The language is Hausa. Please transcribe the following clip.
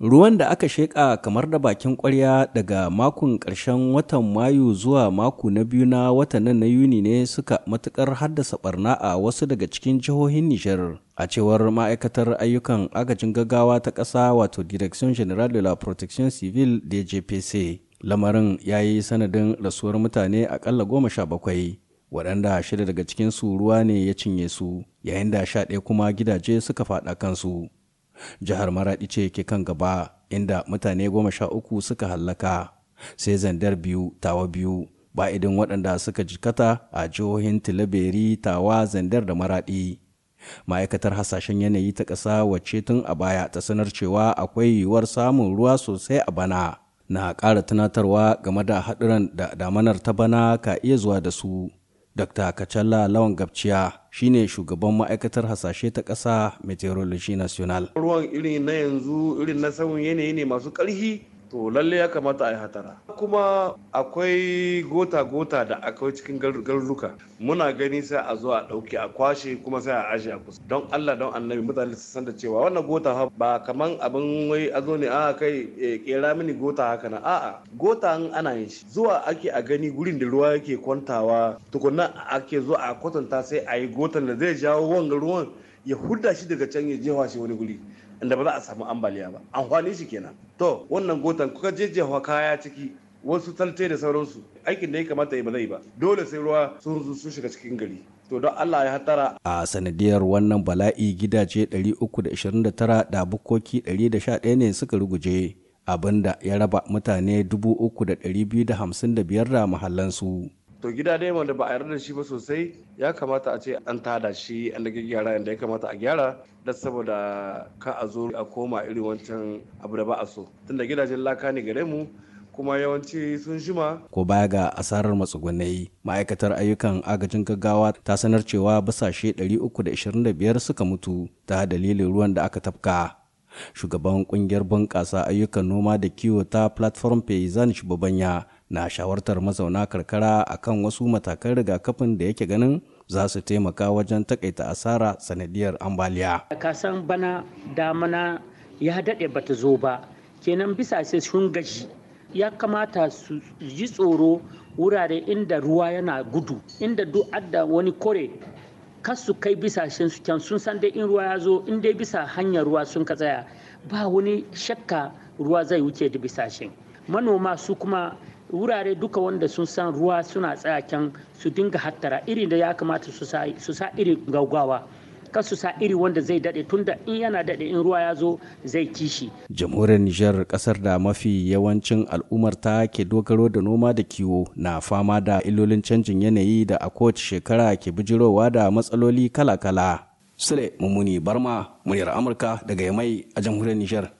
Ruwan da aka sheƙa kamar da bakin kwarya daga makon ƙarshen watan Mayu zuwa mako na biyu na watan nan na Yuni ne suka matuƙar haddasa barna a wasu daga cikin jihohin Nijar. A cewar ma'aikatar ayyukan agajin gaggawa ta ƙasa wato Direction General de la Protection Civil DJPC. Lamarin ya yi sanadin rasuwar mutane aƙalla goma sha bakwai. waɗanda shida daga cikinsu ruwa ne ya cinye su yayin da sha ɗaya kuma gidaje suka faɗa kansu jihar maradi ce ke kan gaba inda mutane goma sha uku suka hallaka sai zandar biyu tawa biyu ba idan waɗanda suka jikata a jihohin tilaberi tawa zandar da maradi ma'aikatar hasashen yanayi ta ƙasa wacce tun a baya ta sanar cewa akwai yiwuwar samun ruwa sosai a bana na ƙara tunatarwa game da haɗuran da damanar ta bana ka iya zuwa da su Dr. Kacalla Lawan Gabciya shine shugaban ma'aikatar hasashe ta ƙasa Meteorology National. Ruwan irin na yanzu irin na sauyin yanayi ne masu ƙarfi to lalle ya kamata a yi hatara kuma akwai gota-gota da akwai cikin garuruka muna gani sai a zo a ɗauki a kwashe kuma sai a ashe a kusa don allah don annabi mutane su san da cewa wannan gota ba kaman abin wai a zo ne a ah, kai kera eh, mini gota haka na a'a gota an ana yin shi zuwa ake a gani gurin da ruwa yake kwantawa tukunna ake zuwa a kwatanta sai a yi gotan da zai jawo wanga ruwan ya hudda shi daga can ya jefa shi wani guri inda ba za a samu ambaliya ba amfani shi kenan to wannan gotan kuka jejjewa kaya ciki wasu talte da sauransu aikin da ya kamata ya ba zai ba dole sai ruwa sun zo su shiga cikin gari to don Allah ya hatara a sanadiyar wannan bala'i gidaje 329 da bukoki 111 ne suka ruguje abinda ya raba mutane 3,255 da mahallansu. to gida dai wanda ba a yarda da shi ba sosai ya kamata a ce an tada shi an da gyara yadda ya kamata a gyara da saboda ka a zo a koma irin wancan abu da ba a so tunda gidajen laka ne gare mu kuma yawanci sun shima. Ko baya ga asarar matsugunai, ma'aikatar ayyukan agajin gaggawa ta sanar cewa basashe 325 suka mutu ta dalilin ruwan da aka tafka. Shugaban kungiyar bunƙasa ayyukan noma da kiwo ta platform Payzan Shubabanya na shawartar mazauna karkara akan wasu matakan rigakafin da yake ganin za su taimaka wajen takaita asara sanadiyar ambaliya. kasan bana damana ya daɗe bata zo ba kenan bisa sai sun gaji ya kamata su ji tsoro wurare inda ruwa yana gudu inda duk adda wani kore kas su kai bisashen su can sun san dai in ruwa ya zo in dai bisa hanyar ruwa sun ka tsaya ba wani shakka ruwa zai wuce da bisashen manoma su kuma wurare duka wanda sun san ruwa suna tsaya can su dinga hattara irin da ya kamata su sa iri gaugawa kan su sa iri wanda zai daɗe tunda in yana daɗe in ruwa ya zo zai kishi. jamhuriyar nijar kasar da mafi yawancin al'ummarta ke dogaro da noma da kiwo na fama da illolin canjin yanayi da a kowace shekara ke bijirowa da matsaloli kala-kala sule mummuni barma muryar amurka daga yamai a jamhuriyar nijar